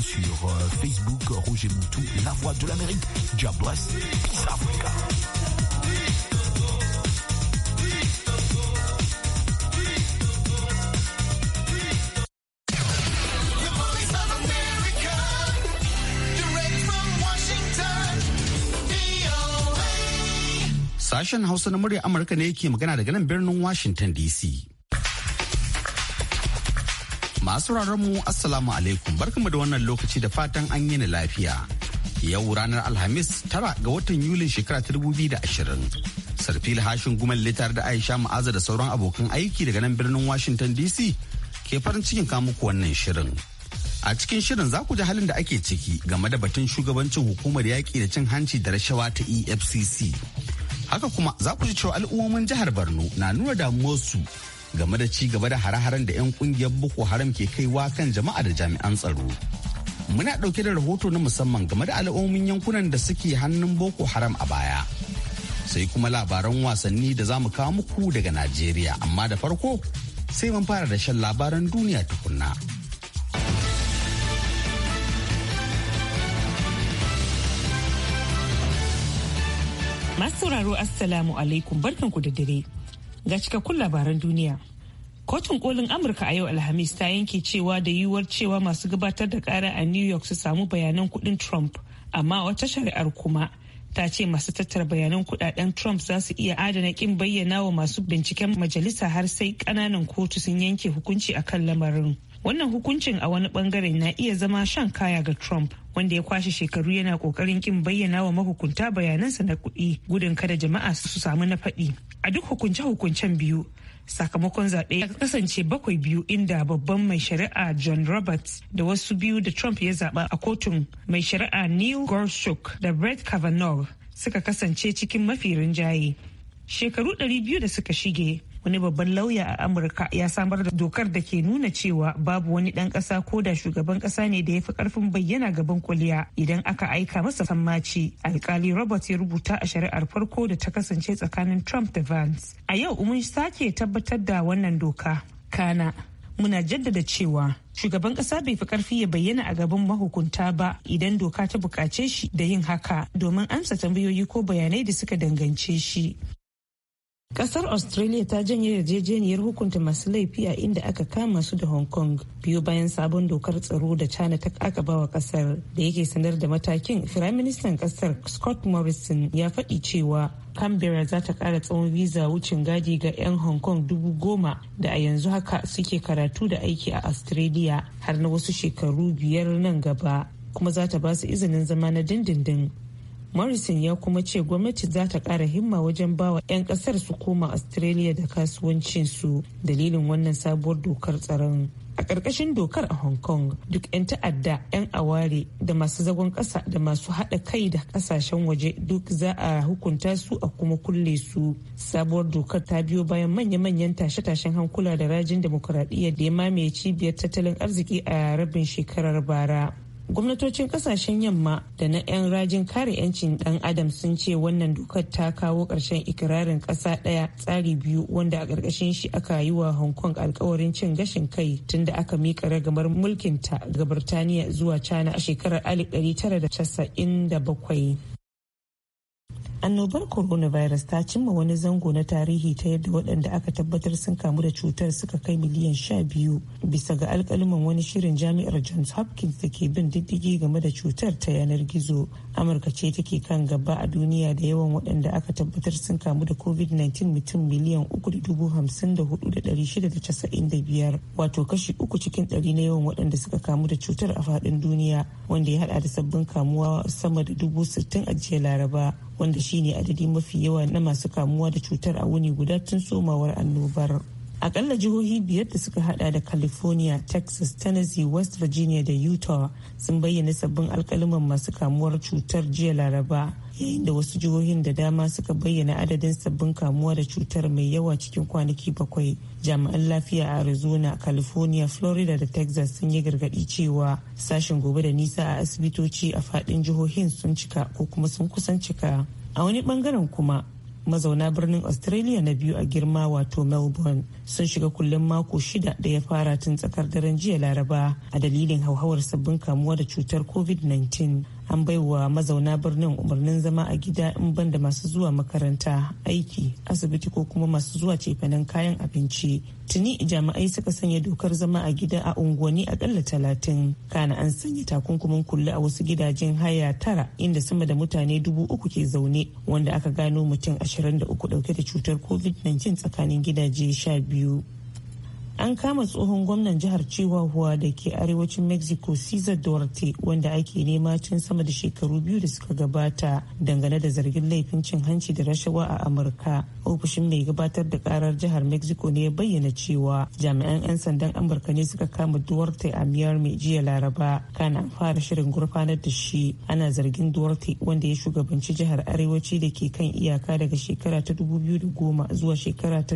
sur euh, Facebook, Roger Moutou, La Voix de l'Amérique, God bless, Peace Africa. Sashen Hausa na murya Amurka ne yake magana daga nan birnin Washington DC. Masu mu Assalamu alaikum barkanmu da wannan lokaci da fatan an yi lafiya. Yau ranar Alhamis tara ga watan Yulin shekara ta da ashirin. Sarfil hashin gumal litar da Aisha Ma'aza da sauran abokan aiki daga nan birnin Washington DC ke farin cikin muku wannan shirin. A cikin shirin za ku ji halin da ake ciki game da batun shugabancin hukumar yaƙi da cin hanci da rashawa ta EFCC. Haka kuma za ku ji cewa al'ummomin jihar Borno na nuna damuwarsu game da ci gaba da hare-haren da 'yan kungiyar Boko Haram ke kaiwa kan jama'a da jami'an tsaro. Muna ɗauke da rahoto na musamman game da al'ummin yankunan da suke hannun Boko Haram a baya. Sai kuma labaran wasanni da za mu kawo muku daga Najeriya, amma da farko sai mun fara da shan labaran duniya tukunna. Masu sauraro Assalamu alaikum barkanku da dare. ga cikakkun labaran duniya. Kotun kolin Amurka a yau Alhamis ta yanke cewa da yiwuwar cewa masu gabatar da kara a New York su samu bayanan kudin Trump, amma wata shari'ar kuma ta ce masu tattara bayanan kudaden Trump za su iya adana kin bayyana wa masu binciken majalisa har sai kananan kotu sun yanke hukunci akan lamarin. wannan hukuncin a wani bangare na iya zama shan kaya ga trump wanda ya kwashe shekaru yana kokarin kin bayyana wa mahukunta bayanansa na kuɗi gudun kada jama'a su samu na faɗi a duk hukunce-hukuncen biyu sakamakon zaɓe ya kasance bakwai biyu inda babban mai shari'a john roberts da wasu biyu da trump ya zaɓa a kotun mai shari'a neil gorsuch da brett kavanaugh suka kasance cikin mafi rinjaye shekaru 200 da suka shige wani babban lauya a amurka ya samar da dokar da ke nuna cewa babu wani dan kasa ko da shugaban kasa ne da ya fi karfin bayyana gaban kuliya idan aka aika masa sammaci alkali robert ya rubuta a shari'ar farko da ta kasance tsakanin trump da vance a yau mun sake tabbatar da wannan doka kana muna jaddada cewa shugaban kasa bai fi karfi ya bayyana a gaban mahukunta ba idan doka ta bukace shi da yin haka domin amsa tambayoyi ko bayanai da suka dangance shi Ƙasar Australia ta janye yarjejeniyar hukunta masu laifi a inda aka kama su da Hong Kong biyu bayan sabon dokar tsaro da China ta aka bawa ƙasar, da yake sanar da matakin Firaministan Ƙasar, Scott Morrison ya faɗi cewa Canberra za ta ƙara tsawon visa wucin gadi ga 'yan Hong Kong dubu goma da a yanzu haka suke karatu da aiki a Australia har na wasu shekaru biyar nan gaba kuma za ta ba su izinin zama na dindindin morrison ya kuma ce gwamnati za ta ƙara himma wajen bawa 'yan ƙasar su koma australia da kasuwancinsu dalilin wannan sabuwar dokar tsaron a ƙarƙashin dokar a hong kong duk 'yan ta'adda 'yan aware da masu zagon ƙasa da masu haɗa kai da ƙasashen waje duk za a hukunta su a kuma kulle su sabuwar dokar ta biyo bayan manya-manyan tashe-tashen hankula da rajin demokuraɗiyya da ya mamaye cibiyar tattalin arziki a rabin shekarar bara gwamnatocin kasashen yamma da na 'yan rajin kare 'yancin dan adam sun ce wannan dokar ta kawo ƙarshen ikirarin ƙasa ɗaya tsari biyu wanda a ƙarƙashin shi aka yi wa hong kong alkawarin cin gashin kai tun da aka miƙa ragamar mulkinta ga birtaniya zuwa china a shekarar 1997 annobar coronavirus ta cimma wani zango na tarihi ta yadda waɗanda aka tabbatar sun kamu da cutar suka kai miliyan sha biyu bisa ga alkaliman wani shirin jami'ar johns hopkins da ke bin diddigi game da cutar ta yanar gizo amurka ce take kan gaba a duniya da yawan waɗanda aka tabbatar sun kamu da covid-19 mutum miliyan uku da dubu hamsin da hudu da ɗari shida da casa'in da biyar wato kashi uku cikin ɗari na yawan waɗanda suka kamu da cutar a faɗin duniya wanda ya haɗa da sabbin kamuwa sama da dubu sittin a jiya laraba wanda shine adadi mafi yawa na masu kamuwa da cutar a wuni guda tun somawar annobar akalla jihohi biyar da suka hada da california texas tennessee west virginia da utah sun bayyana sabbin alkaliman masu kamuwar cutar jiya laraba yayin da wasu jihohin da dama suka bayyana adadin sabbin kamuwa da cutar mai yawa cikin kwanaki bakwai jami'an lafiya a arizona california florida da texas sun yi gargaɗi cewa sashen gobe da nisa a asibitoci a fadin jihohin sun cika ko kuma sun kusan cika a wani bangaren kuma mazauna birnin australia na biyu a girma wato melbourne sun shiga kullum mako shida da ya fara tun tsakar daren jiya laraba a dalilin hauhawar sabbin kamuwa da cutar covid-19 an baiwa mazauna birnin umarnin zama a gida in banda masu zuwa makaranta aiki asibiti ko kuma masu zuwa cefanen kayan abinci tuni jami'ai suka sanya dokar zama a gida a unguwanni akalla talatin kana an sanya takunkumin kulle a wasu gidajen haya tara inda sama da mutane dubu uku ke zaune wanda aka gano mutum ashirin da uku dauke da cutar covid-19 tsakanin gidaje sha biyu an kama tsohon gwamnan jihar chihuahua da ke arewacin mexico cesar duarte wanda ake nema tun sama da shekaru biyu da suka gabata dangane da zargin laifin cin hanci da rashawa a amurka ofishin mai gabatar da karar jihar mexico ne ya bayyana cewa jami'an 'yan sandan amurka ne suka kama duarte a miyar mai jiya laraba kana an fara shirin gurfanar da shi ana zargin duarte wanda ya shugabanci jihar arewaci da ke kan iyaka daga shekara ta goma zuwa shekara ta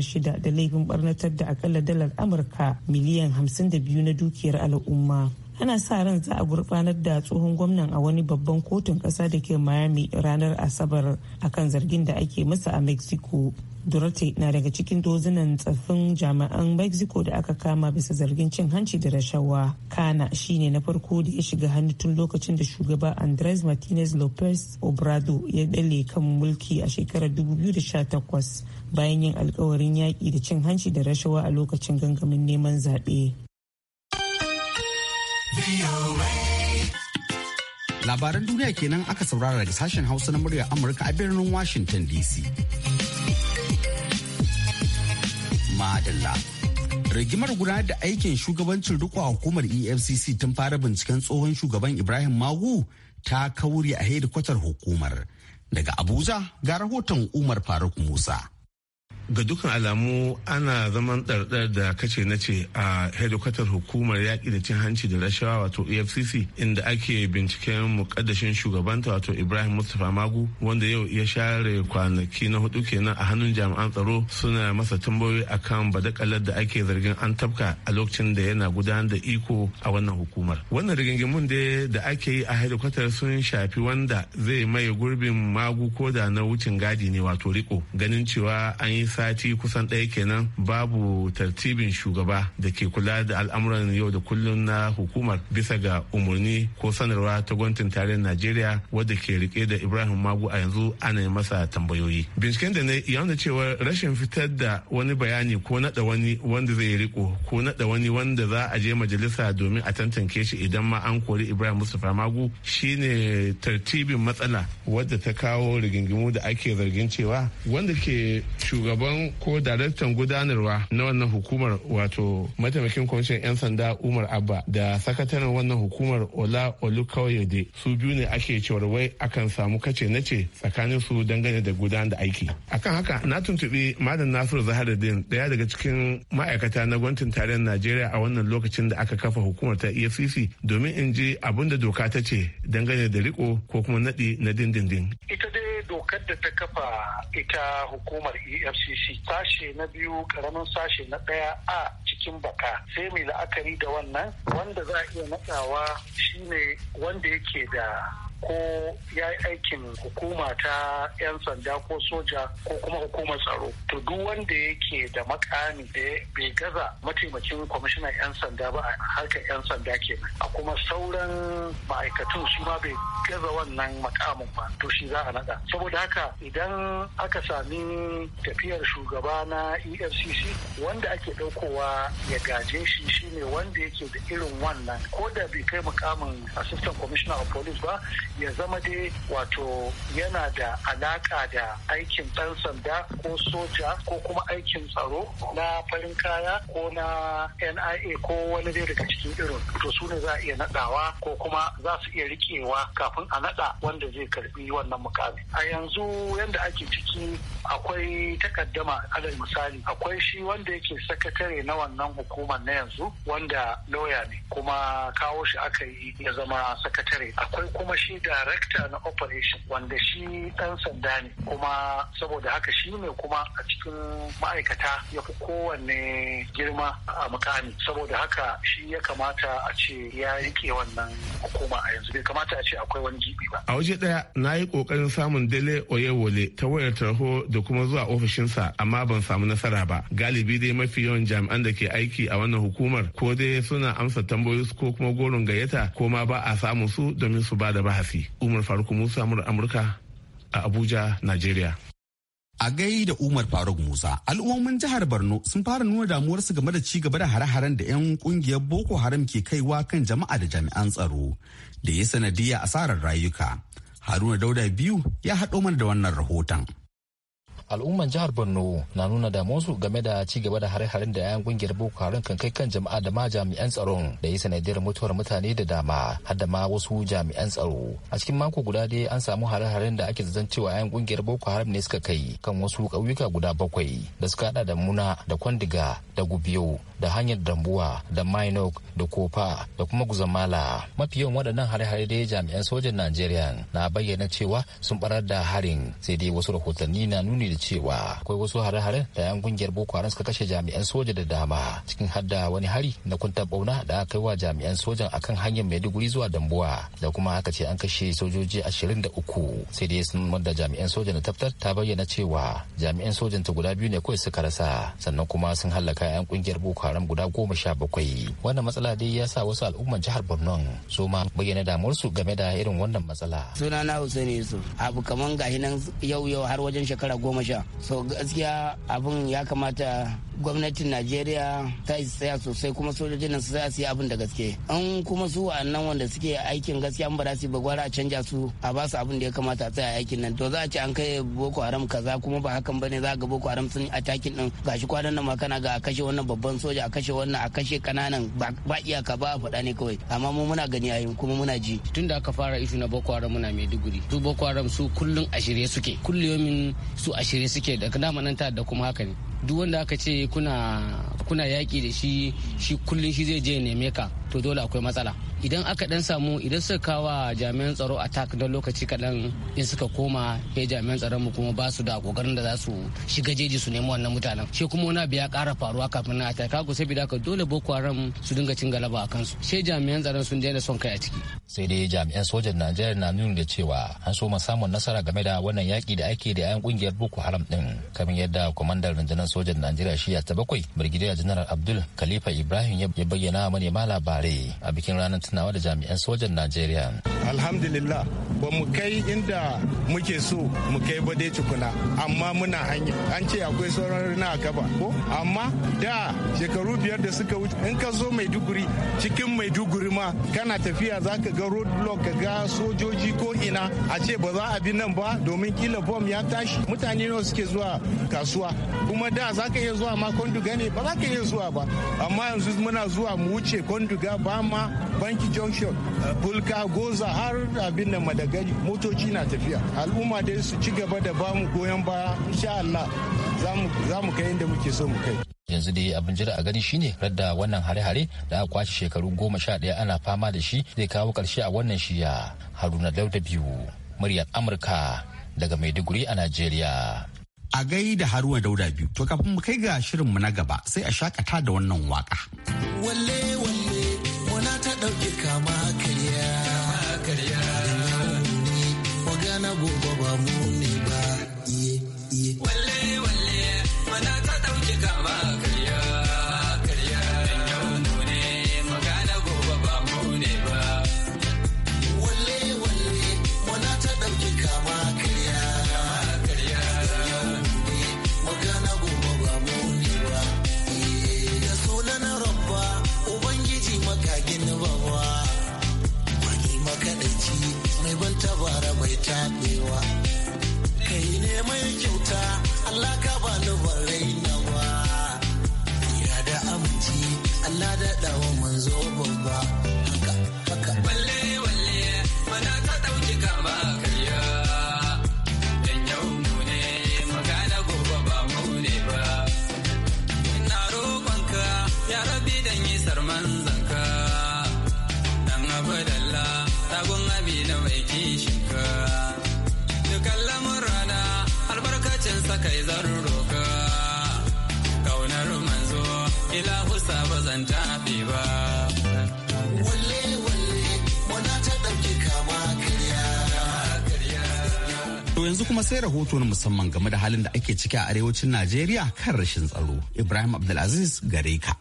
shida da laifin barnata fitar da akalla dalar amurka miliyan 52 na dukiyar al'umma ana sa ran za a gurɓanar da tsohon gwamnan a wani babban kotun kasa da ke miami ranar asabar akan zargin da ake masa a mexico Dorothy na daga cikin dozinan tsaffin jami'an Mexico da aka kama bisa zargin cin hanci da rashawa. Kana shine na farko da ya shiga hannu tun lokacin da shugaba Andres Martinez Lopez Obrado ya dale kan mulki a shekarar 2018 bayan yin alkawarin yaƙi da cin hanci da rashawa a lokacin gangamin neman zaɓe. Labaran duniya kenan aka saurara da sashen Hausa na muryar Amurka a birnin Washington DC. Madalla. rigimar guda da aikin shugabancin riko a hukumar efcc tun fara binciken tsohon shugaban ibrahim magu ta kauri a hedikwatar hukumar daga abuja ga rahoton umar faruk musa ga dukkan alamu ana zaman ɗarɗar da kace na ce a hedikwatar hukumar yaƙi da cin hanci da rashawa wato efcc inda ake binciken muƙaddashin shugabanta wato ibrahim mustapha magu wanda yau ya share kwanaki na hudu kenan a hannun jami'an tsaro suna masa tambayoyi akan badakalar da ake zargin an tafka a lokacin da yana gudanar da iko a wannan hukumar wannan rigingimun da da ake yi a hedikwatar sun shafi wanda zai mai gurbin magu ko da na wucin gadi ne wato riko ganin cewa an yi sati kusan ɗaya kenan babu tartibin shugaba da ke kula da al'amuran yau da kullum na hukumar bisa ga umarni ko sanarwa ta gwamnatin tarayyar najeriya wadda ke rike da ibrahim magu a yanzu ana yi masa tambayoyi binciken da na ya cewa rashin fitar da wani bayani ko naɗa wani wanda zai riko ko naɗa wani wanda za a je majalisa domin a tantance shi idan ma an kori ibrahim mustapha magu shine tartibin matsala wadda ta kawo rigingimu da ake zargin cewa wanda ke shugaba shugaban ko daraktan gudanarwa na wannan hukumar wato mataimakin kwamishin 'yan sanda umar abba da sakataren wannan hukumar ola olukoyede su biyu ne ake cewar wai akan samu kace na ce tsakanin su dangane da gudanar da aiki akan haka na tuntuɓi madan nasiru din daya daga cikin ma'aikata na gwamnatin tarayyar najeriya a wannan lokacin da aka kafa hukumar ta efcc domin in ji abin da doka ta ce dangane da riko ko kuma naɗi na dindindin ita dai dokar da ta kafa ita hukumar efcc sashe na biyu karamin sashe na ɗaya a cikin baka sai mai la'akari da wannan wanda za a iya naɗawa shine wanda yake da ko ya yi aikin hukuma ta 'yan sanda ko soja ko kuma hukumar tsaro to duk wanda yake da makami da bai gaza mataimakin kwamishinan 'yan sanda ba a harkar 'yan sanda nan. a kuma sauran ma'aikatun su ma bai gaza wannan makamin ba to shi za a naɗa saboda haka idan aka sami tafiyar shugaba na efcc wanda ake ɗaukowa ya gaje shi shine wanda yake da irin wannan ko da bai kai mukamin assistant commissioner of police ba ya zama dai wato yana da alaka da aikin ɗan sanda ko soja ko kuma aikin tsaro na farin kaya ko na nia ko wani dai daga cikin irin to su ne za a iya nadawa ko kuma za su iya riƙewa kafin a nada wanda zai karbi wannan mukami a yanzu yadda ake ciki akwai takaddama alal misali akwai shi wanda yake sakatare na wannan hukumar na yanzu wanda lauya ne kuma kawo shi aka yi ya zama sakatare akwai kuma shi darakta na operation wanda shi dan sanda ne kuma saboda haka shi ne kuma a cikin ma'aikata ya fi kowanne girma a mukami saboda haka shi ya kamata a ce ya rike wannan hukuma a yanzu bai kamata a ce akwai wani gibi ba a waje daya na yi kokarin samun dele oyewole ta wayar tarho da kuma zuwa ofishinsa amma ban samu nasara ba galibi dai mafi yawan jami'an da ke aiki a wannan hukumar ko dai suna amsa tambayoyi ko kuma gorin gayyata ko ma ba a samu su domin su ba da bahasi DC. Umar Faruk Musa Amurka a Abuja, Najeriya. A gai da Umar Faruk Musa, al'ummomin jihar Borno sun fara nuna damuwarsu game da ci gaba da hare-haren da 'yan kungiyar Boko Haram ke kaiwa kan jama'a da jami'an tsaro da ya sanadiyya asarar rayuka. Haruna Dauda biyu ya haɗo mana da wannan rahoton. al'umman jihar borno na nuna damuwarsu game da ci gaba da hare-haren da yayan kungiyar boko haram kan kai kan jama'a da ma jami'an tsaron da yi sanadiyar mutuwar mutane da dama har da ma wasu jami'an tsaro a cikin mako guda dai an samu hare-haren da ake zaton cewa 'yan kungiyar boko haram ne suka kai kan wasu ƙauyuka guda bakwai da suka haɗa da muna da kwandiga da gubiyo da hanyar dambuwa da minok da kofa da kuma guzamala mafi yawan waɗannan hare-hare dai jami'an sojan najeriya na bayyana cewa sun barar da harin sai dai wasu rahotanni na nuni da cewa akwai wasu hare-haren da yan kungiyar boko haram suka kashe jami'an soja da dama cikin hadda wani hari na kunta bauna da aka kai wa jami'an sojan akan hanyar maiduguri zuwa dambuwa da kuma aka ce an kashe sojoji ashirin da uku sai dai sun da jami'an soja na tabtar ta bayyana cewa jami'an sojan ta guda biyu ne kawai suka rasa sannan kuma sun hallaka yan kungiyar boko haram guda goma sha bakwai wannan matsala dai ya sa wasu al'umman jihar borno su ma bayyana damuwarsu game da irin wannan matsala sunana hussein yusuf abu kaman gahi nan yau yau har wajen shekara goma sha sha so gaskiya abin ya kamata gwamnatin najeriya ta tsaya sosai kuma sojojin nan su tsaya su yi abin da gaske an kuma su wa'annan wanda suke aikin gaskiya ba za su ba gwara a canja su a ba su abin da ya kamata a tsaya aikin nan to za a ce an kai boko haram kaza kuma ba hakan bane za ga boko haram sun atakin din gashi kwanan nan ma kana ga a kashe wannan babban soja a kashe wannan a kashe kananan ba iyaka ba a faɗa ne kawai amma mu muna gani yayin kuma muna ji tun da aka fara isu na boko haram muna maiduguri su boko haram su kullum a shirye suke kullum su a shirye suke da damanan ta da kuma haka ne duk wanda aka ce kuna kuna yaƙi da shi shi kullum shi zai je neme ka to dole akwai matsala idan aka dan samu idan suka kawa jami'an tsaro a attack don lokaci kadan in suka koma ya jami'an tsaron mu kuma ba su da kokarin da za su shiga jeji su nemi wannan mutanen shi kuma wani abu ya ƙara faruwa kafin na attack kaku sai bidaka dole boko haram su dinga cin galaba a kansu shi jami'an tsaron sun daina son kai a ciki sai dai jami'an sojan Najeriya na nuni da cewa an so samun nasara game da wannan yaki da ake da 'yan kungiyar Boko Haram din kamar yadda kwamandan rundunar sojan Najeriya ya ta bakwai Brigadier General Abdul Khalifa Ibrahim ya bayyana manema labarai a bikin ranar nawa da jami'an sojan Najeriya. Alhamdulillah ba mu kai inda muke so mu kai ba dai tukuna amma muna hanya an ce akwai sauran na gaba ko amma da shekaru biyar da suka wuce in ka zo maiduguri cikin maiduguri ma kana tafiya za ka ga roadblock ka ga sojoji ko ina a ce ba za a bi nan ba domin kila bom ya tashi mutane nawa suke zuwa kasuwa kuma da za ka iya zuwa ma konduga ne ba za ka iya zuwa ba amma yanzu muna zuwa mu wuce konduga ba ma yanki junction uh, bulka goza har abin nan madagari motoci na tafiya al'umma dai su ci gaba da bamu goyon baya insha Allah za mu kai inda muke so mu kai yanzu dai abin jira a gani shine radda wannan hare-hare da aka kwashe shekaru goma sha ɗaya ana fama da shi zai kawo ƙarshe a wannan shiya haruna dauda biyu muryar amurka daga maiduguri a najeriya a gai da haruna dauda biyu to kafin mu kai ga shirin mu na gaba sai a shakata da wannan waka. Allah ka ba ni ba rainawa ya da aminci Allah da dawo zan roka kaunar manzo yanzu kuma sai rahoto na musamman game da halin da ake ciki a arewacin Najeriya kan rashin tsaro. Ibrahim Abdulaziz gare ka.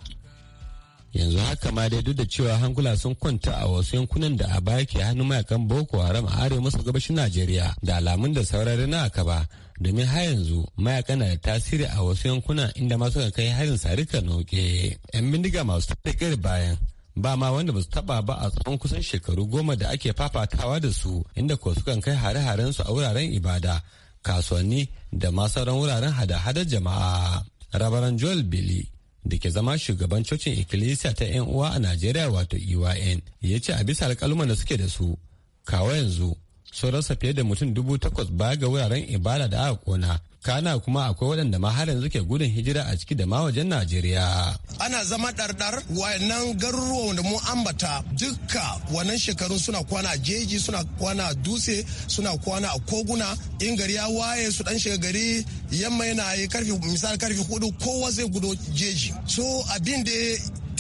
yanzu haka ma dai duk da cewa hankula sun kwanta a wasu yankunan da a baya ke hannun mayakan boko haram a arewa maso gabashin najeriya da alamun da saurari na aka ba domin har yanzu mayakan na da tasiri a wasu yankunan inda masu kan kai harin sarika noke yan bindiga masu tafiya bayan ba ma wanda basu su taba ba a tsawon kusan shekaru goma da ake fafatawa da su inda ko sukan kai hare-haren su a wuraren ibada kasuwanni da ma sauran wuraren hada-hadar jama'a rabaran joel billy da ke zama shugaban cocin ikkilisiya ta 'yan uwa a najeriya wato eyn ya ce a bisa alkaluman da suke da su kawo yanzu sun rasa fiye da mutum dubu takwas baya ga wuraren ibada da aka kona kana kuma akwai waɗanda ma har gudun hijira a ciki da ma wajen najeriya ana zama ɗarɗar wannan garuruwan da mu ambata dukka wannan shekaru suna kwana jeji suna kwana dutse suna kwana a koguna in gari ya waye su dan shiga gari yamma yana yi karfi misali karfi hudu kowa zai gudo jeji so abin da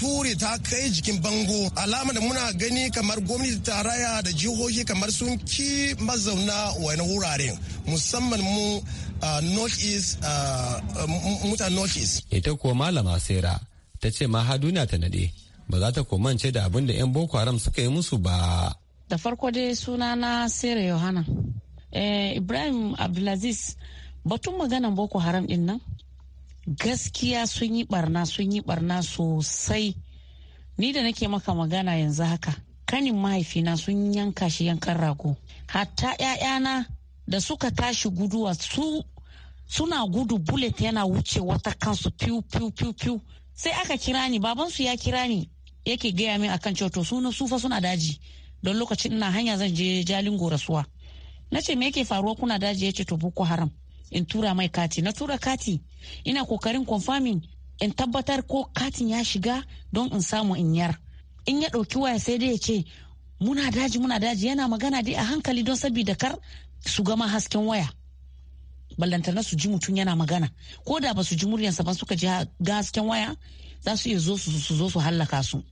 ture ta kai jikin bango alama da muna gani kamar gwamnati tarayya da jihohi kamar sun ki mazauna wani wuraren musamman mu north north east ita kuwa malama sera ta ce ma duniya ta nade ba za ta komance da abin da 'yan boko haram suka yi musu ba da farko dai suna na sera yohana eh, ibrahim abdulaziz batun maganan boko haram din nan gaskiya sun yi barna sun yi barna sosai ni da nake maka magana yanzu haka kanin mahaifina sun yanka shi yankan rago hatta 'ya'yana da suka tashi guduwa su suna gudu bullet yana wuce wata kansu piu piu piu piu sai aka kira ni babansu ya kira ni yake gaya min akan cewa to suna sufa suna daji don lokacin ina hanya zan je jalin rasuwa. na ce me yake faruwa kuna daji yace to boko haram in tura mai kati na tura kati ina kokarin confirming in tabbatar ko katin ya shiga don in samu in yar in ya ɗauki waya sai dai ya ce muna daji muna daji yana magana dai a hankali don sabida kar su gama hasken waya ballantana su ji mutum yana magana ko da ba su ji muryansa ba suka ji ga hasken waya za su iya zo su zo su hallaka su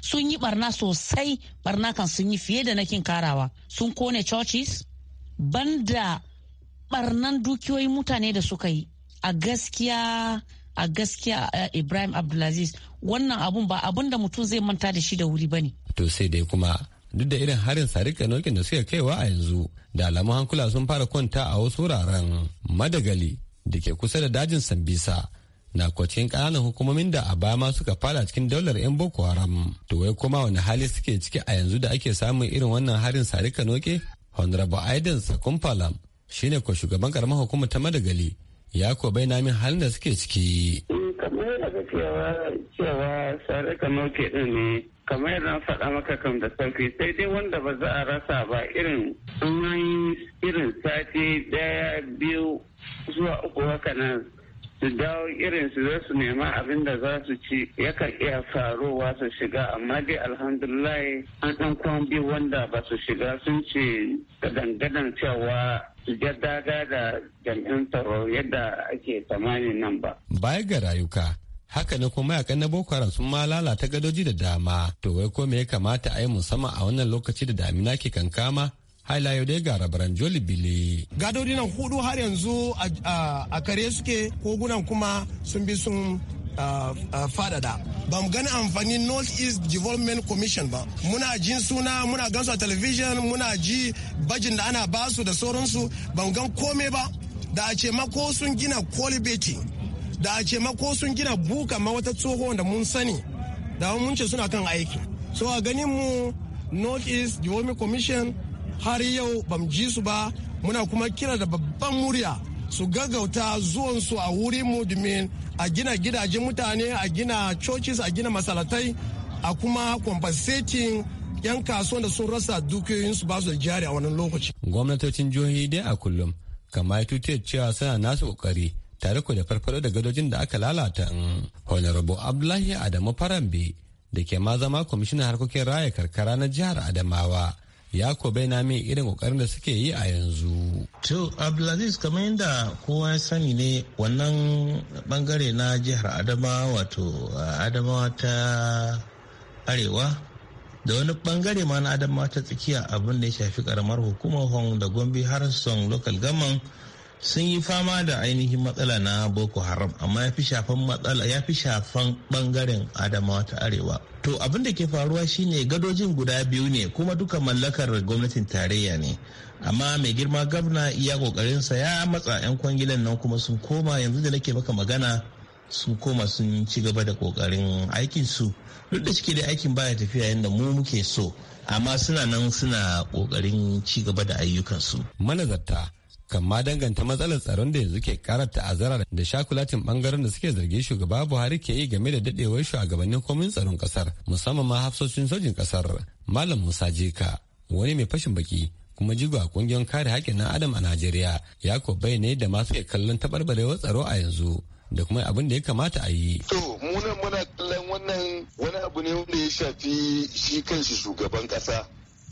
sun yi barna sosai barna kan sun yi fiye da na kin karawa sun kone churches banda barnan dukiyoyin mutane da suka yi a gaskiya a gaskiya eh, ibrahim abdulaziz wannan abun ba abun da mutum zai manta da shi da wuri ba ne to sai dai kuma duk da irin harin sarika nokin da suka kaiwa a yanzu da alamun hankula sun fara kwanta a wasu wuraren madagali da ke kusa da dajin sambisa na kwacin kananan hukumomin da a baya ma suka fara cikin daular 'yan boko haram to wai kuma wani hali suke ciki a yanzu da ake samun irin wannan harin sarika noke honorable aidan sakumfalam shine ko shugaban karamar hukumar ta madagali ya ko bai namin halin da suke ciki. Mm, kamar yadda cewa cewa sadaka nauke din ne kamar yadda na faɗa maka kam da sauki sai dai wanda ba za a rasa ba irin sunan irin sati daya biyu zuwa uku haka nan su dawo irin su za su nema abin da za su ci yakan iya faruwa su shiga amma dai alhamdulillah an ɗan kwan biyu wanda ba su shiga sun ce da dangadan cewa jar daga da jami'an tsaro yadda ake tsammanin nan ba. Baya ga rayuka, haka ne kuma mayakan na Boko Haram sun ma lalata gadoji da dama. To wai ko me ya kamata a yi musamman a wannan lokaci da damina ke kankama? haila yau dai ga rabaran joli bile. Gadodi nan hudu har yanzu a kare suke kogunan kuma sun bi sun Uh, uh, fadada ba mu gani amfanin north east development commission ba muna ji suna muna gansu a television muna ji bajin da ana basu da sauransu ba mu gan komai ba da a ce mako sun gina kolibeti da a ce mako sun gina buka ma wata tsoho da mun sani da mun ce suna kan aiki so a ganin mu north east development commission har yau mu ji su ba muna kuma kira da babban murya su gaggauta zuwansu a wuri mu domin a gina gidajen mutane a gina churches a gina masalatai a kuma compensating yan kasuwan da sun rasa dukiyoyinsu ba su da jari a wannan lokaci. gwamnatocin jihohi dai a kullum kamar tutiyar cewa suna nasu kokari tare da farfado da gadojin da aka lalata honorable abdullahi adamu farambe da ke ma zama kwamishinan harkokin raya karkara na jihar adamawa ya ko baina min irin kokarin da suke yi a yanzu. To Abdulaziz kamar yadda kowa ya sani ne wannan bangare na jihar adama wato Adamawa ta Arewa da wani bangare ma na Adamawa ta tsakiya abin da ya shafi karamar hukumar Hong da Gombe har son local gaman. sun yi fama da ainihin matsala na boko haram amma ya fi shafan matsala ya fi shafan bangaren adamawa ta arewa to abin da ke faruwa shine gadojin guda biyu ne kuma duka mallakar gwamnatin tarayya ne amma mai girma gabna iya kokarinsa ya matsa 'yan kwangilan nan kuma sun koma yanzu da nake maka magana sun koma sun ci gaba da kokarin aikin su duk da cike da aikin baya tafiya yadda mu muke so amma suna nan suna kokarin ci gaba da ayyukansu manazarta kan ma danganta matsalar tsaron da yanzu ke kara ta'azzara da shakulatin bangaren da suke zargi shugaba Buhari ke yi game da dadewar shugabannin komin tsaron kasar musamman ma hafsoshin sojin kasar Malam Musa Jeka wani mai fashin baki kuma jigo a kungiyar kare haƙƙin na adam a Najeriya ya ko ne da masu ke kallon taɓarɓarewar tsaro a yanzu da kuma abin da ya kamata a yi. To munan muna kallon wannan wani abu ne wanda ya shafi shi kanshi shugaban kasa.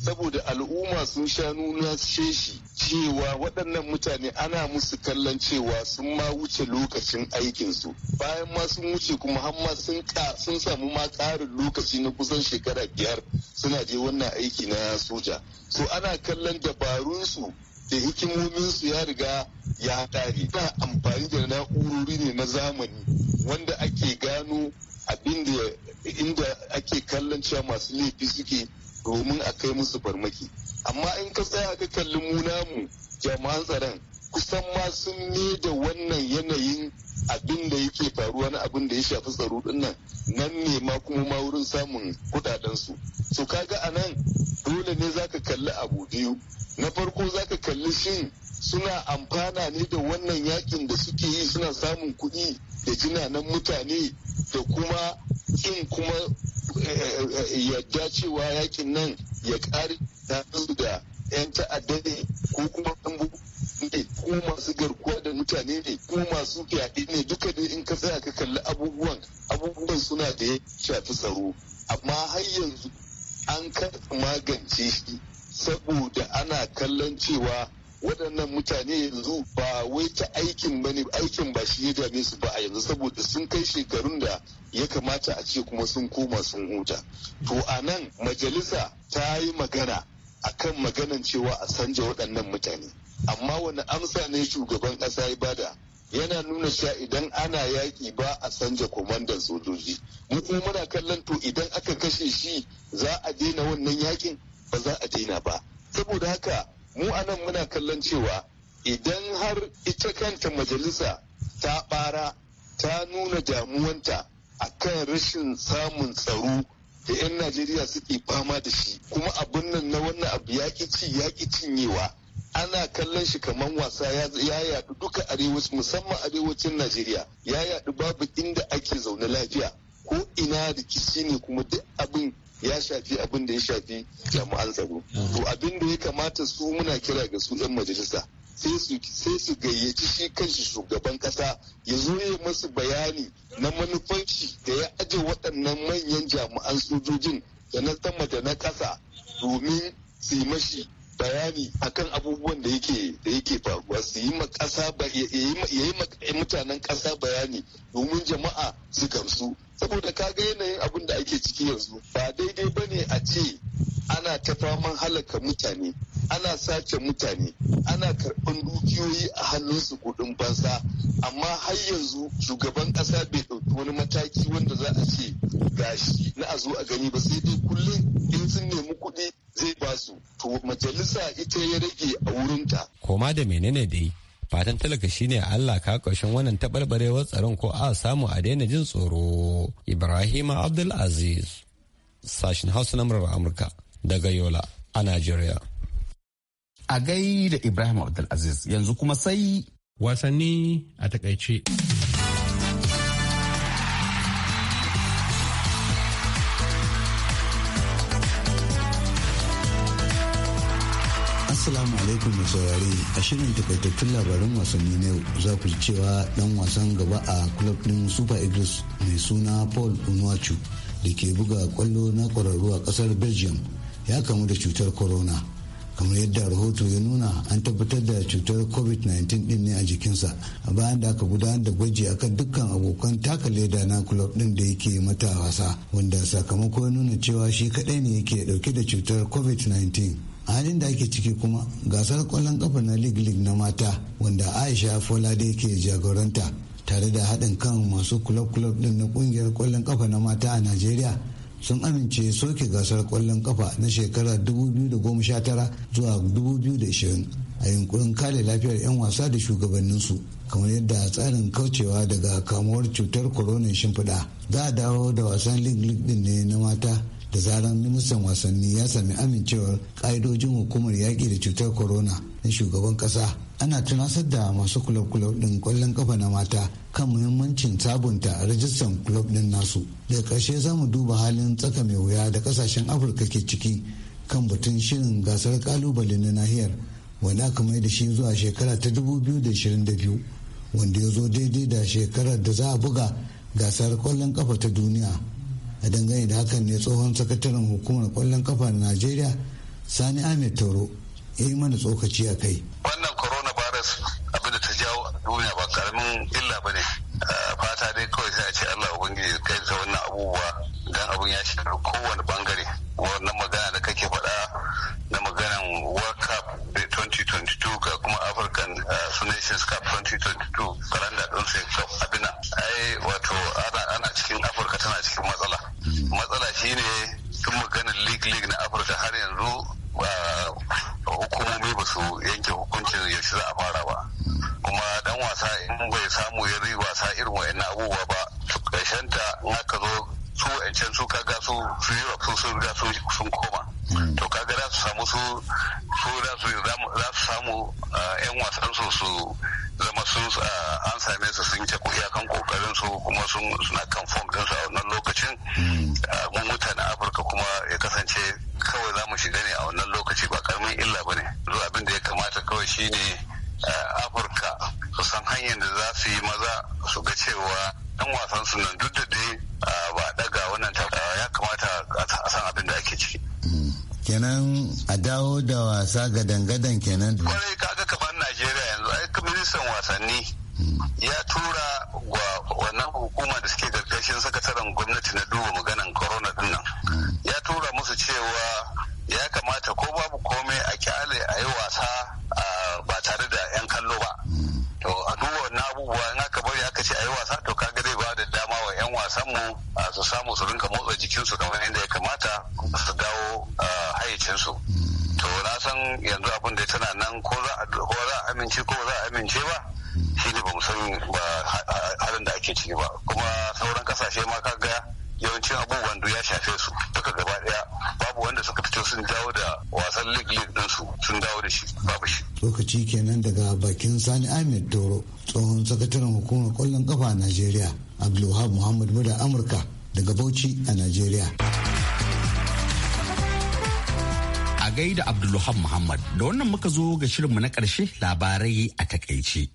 saboda al'umma sun sha nuna sheshi cewa waɗannan mutane ana musu kallon cewa sun ma wuce lokacin aikinsu bayan ma sun wuce kuma har ma sun sun samu ma ƙarin lokaci na kusan shekara biyar suna je wannan aiki na soja so ana kallon dabarunsu da hikimominsu ya riga ya tare ta amfani da na'urori ne na zamani wanda ake gano abin da inda ake kallon cewa masu laifi suke domin a kai musu farmaki amma in ka tsaya ka kalli mu namu jama'an tsaron kusan ma sun ne da wannan yanayin abin da yake faruwa na abin da ya shafi tsaro dinnan nan ne ma kuma ma wurin samun kudaden su so ga a nan dole ne zaka kalli abu biyu na farko zaka kalli shin suna amfana ne da wannan yakin da suke yi suna samun kuɗi da jinanan mutane da kuma kin kuma yadda cewa yakin nan ya ƙari da 'yan ta'adda ne ko kuma ne ko masu garkuwa da mutane ne ko masu fyaɗe ne duka ne in ka tsaya ka kalli abubuwan abubuwan suna da ya shafi tsaro amma har yanzu an kasa magance shi saboda ana kallon cewa waɗannan mutane yanzu ba wai ta aikin ba ne aikin ba shi ya dame su ba a yanzu saboda sun kai shekarun da ya kamata a ce kuma sun koma sun huta to a nan majalisa ta yi magana a kan maganan cewa a sanja waɗannan mutane amma wani amsa ne shugaban ƙasa ya bada yana nuna cewa idan ana yaƙi ba a sanja kwamandan sojoji mu kuma muna kallon to idan aka kashe shi za a daina wannan yaƙin ba za a daina ba saboda haka mu anan muna kallon cewa idan har ita kanta majalisa ta bara ta nuna damuwanta kan rashin samun tsaro da 'yan najeriya suke fama da shi kuma abin nan na wannan abu ya ci ya cinyewa ana kallon shi kamar wasa ya yaɗu duka arewacin musamman arewacin najeriya ya yaɗu babu inda ake zaune lafiya ko ina da rikici ne kuma duk abin ya shafi abin da ya shafi jami'an tsaro to abin da ya kamata su muna kira ga su 'yan majalisa sai su gayyaci shi kanshi shugaban kasa ya zo ya masu bayani na manufanci da ya aje waɗannan manyan jami'an sojojin da na sama da na ƙasa domin su yi mashi bayani akan abubuwan da yake da yake faruwa su yi mutanen ƙasa bayani domin jama'a su gamsu saboda kaga yanayin abin da ake ciki yanzu ba daidai ba ne a ce ana ta faman halaka mutane ana sace mutane ana karɓan dukiyoyi a hannun su kuɗin banza amma har yanzu shugaban ƙasa bai ɗauki wani mataki wanda za a ce gashi na a zo a gani ba sai dai kullum in sun nemi kuɗi zai ba su to majalisa ita ya rage a wurinta koma da menene dai fatan talaka shine Allah ka ƙarshen wannan taɓarɓarewar tsaron ko a samu a daina jin tsoro Ibrahim Abdul Aziz sashin Hausa na murar Amurka daga Yola a Najeriya a gai da Ibrahim Abdul Aziz yanzu kuma sai wasanni a takaice ku mu saurare a shirin takaitattun labaran wasanni na yau za ku ji cewa dan wasan gaba a club din super eagles mai suna paul unuachu da ke buga kwallo na kwararru a kasar belgium ya kamu da cutar corona kamar yadda rahoto ya nuna an tabbatar da cutar covid-19 din ne a jikinsa a bayan da aka gudanar da gwaji akan dukkan abokan taka leda na club din da yake mata wasa wanda sakamako nuna cewa shi kadai ne yake dauke da cutar covid-19 halin da ake ciki kuma gasar kwallon kafa na league league na mata wanda aisha folade ke jagoranta tare da haɗin kan masu kulob-kulob ɗin na ƙungiyar kwallon kafa na mata a najeriya sun amince soke gasar kwallon kafa na shekara 2019 zuwa 2020 a yunkurin kare lafiyar 'yan wasa da shugabannin su kamar yadda tsarin kaucewa daga kamuwar cutar corona shimfiɗa za a dawo da wasan league league din ne na mata da zaran ministan wasanni ya sami amincewar ƙa'idojin hukumar yaƙi da cutar corona na shugaban ƙasa ana tunasar da masu kulob-kulob din kwallon ƙafa na mata kan muhimmancin sabunta rajistan kulob din nasu daga ƙarshe za mu duba halin tsaka mai wuya da ƙasashen afirka ke ciki kan batun shirin gasar ƙalubale na nahiyar wanda aka mai da shi zuwa shekara ta 2022 wanda ya zo daidai da shekarar da za a buga gasar kwallon kafa ta duniya a dangane da hakan ne tsohon sakataren hukumar kwallon kafa na najeriya sani ahmed toro ya yi mana tsokaci a kai wannan coronavirus abin da ta jawo a duniya ba karamin illa ba ne fata dai kawai sai a ce allah ubangiji kai ta wannan abubuwa dan abin ya shiga kowane bangare wannan magana da kake faɗa na maganan world cup 2022 ga kuma african eh, nations cup 2022 karanda ɗin sai abin ai league na afirka har yanzu ah, hukumomi ba su yanke hukuncin ya yaushe za a fara ba kuma dan wasa in bai samu ya yi wasa irin wa'in abubuwa ba ta in aka zo su wa'ancan su kaga su su yi su sun riga sun koma hmm. to kaga za su samu su su za su samu yan ah, wasan su su zama sun ah, an same su sun ce iyakan kokarin su kuma suna zo ga shirinmu na ƙarshe labarai a takaice.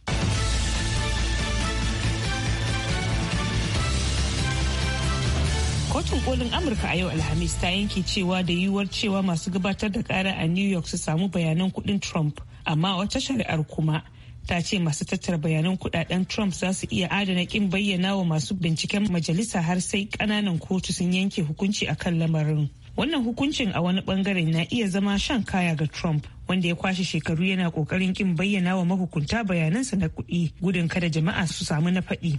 kotun kolin amurka a yau alhamis ta yanke cewa da yiwuwar cewa masu gabatar da kara a new york su samu bayanan kudin trump amma wata shari'ar kuma ta ce masu tattara bayanan kudaden trump za su iya adana kin bayyana wa masu binciken majalisa har sai kananan kotu sun yanke hukunci akan lamarin wannan hukuncin a wani bangaren na iya zama shan kaya ga trump wanda ya kwashe shekaru yana kokarin kin bayyana wa mahukunta bayanansa na kuɗi gudun kada jama'a su samu na faɗi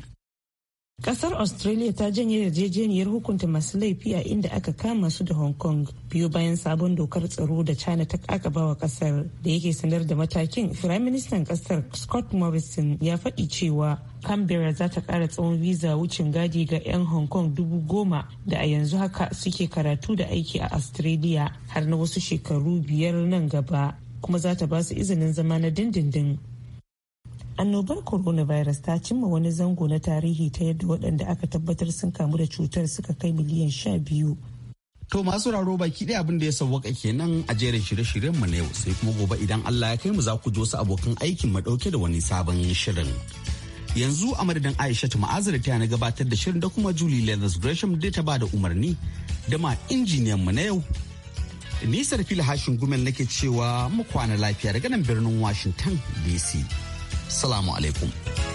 Kasar Australia ta janye yarjejeniyar hukunta masu laifi a inda aka kama su da Hong Kong biyu bayan sabon dokar tsaro da China ta wa kasar da yake sanar da matakin Firaministan kasar Scott Morrison ya faɗi cewa Canberra za ta ƙara tsawon visa wucin gadi ga 'yan Hong Kong dubu goma da a yanzu haka suke karatu da aiki a Australia har na wasu shekaru biyar nan gaba kuma za ta ba su izinin zama na dindindin annobar coronavirus ta cimma wani zango na tarihi ta yadda waɗanda aka tabbatar sun kamu da cutar suka kai miliyan sha biyu To masu raro baki ɗaya abin da ya sauwaka kenan a jerin shirye-shiryen mu na yau sai kuma gobe idan Allah ya kai mu za ku ji wasu abokan aikin mu ɗauke da wani sabon shirin. Yanzu a madadin Aisha Ma'azira ta na gabatar da shirin da kuma Julie Leathers Gresham da ta ba da umarni da ma injiniyan mu na yau. Nisar fil hashin gumel nake cewa mu kwana lafiya daga nan birnin Washington DC. Salamu alaikum.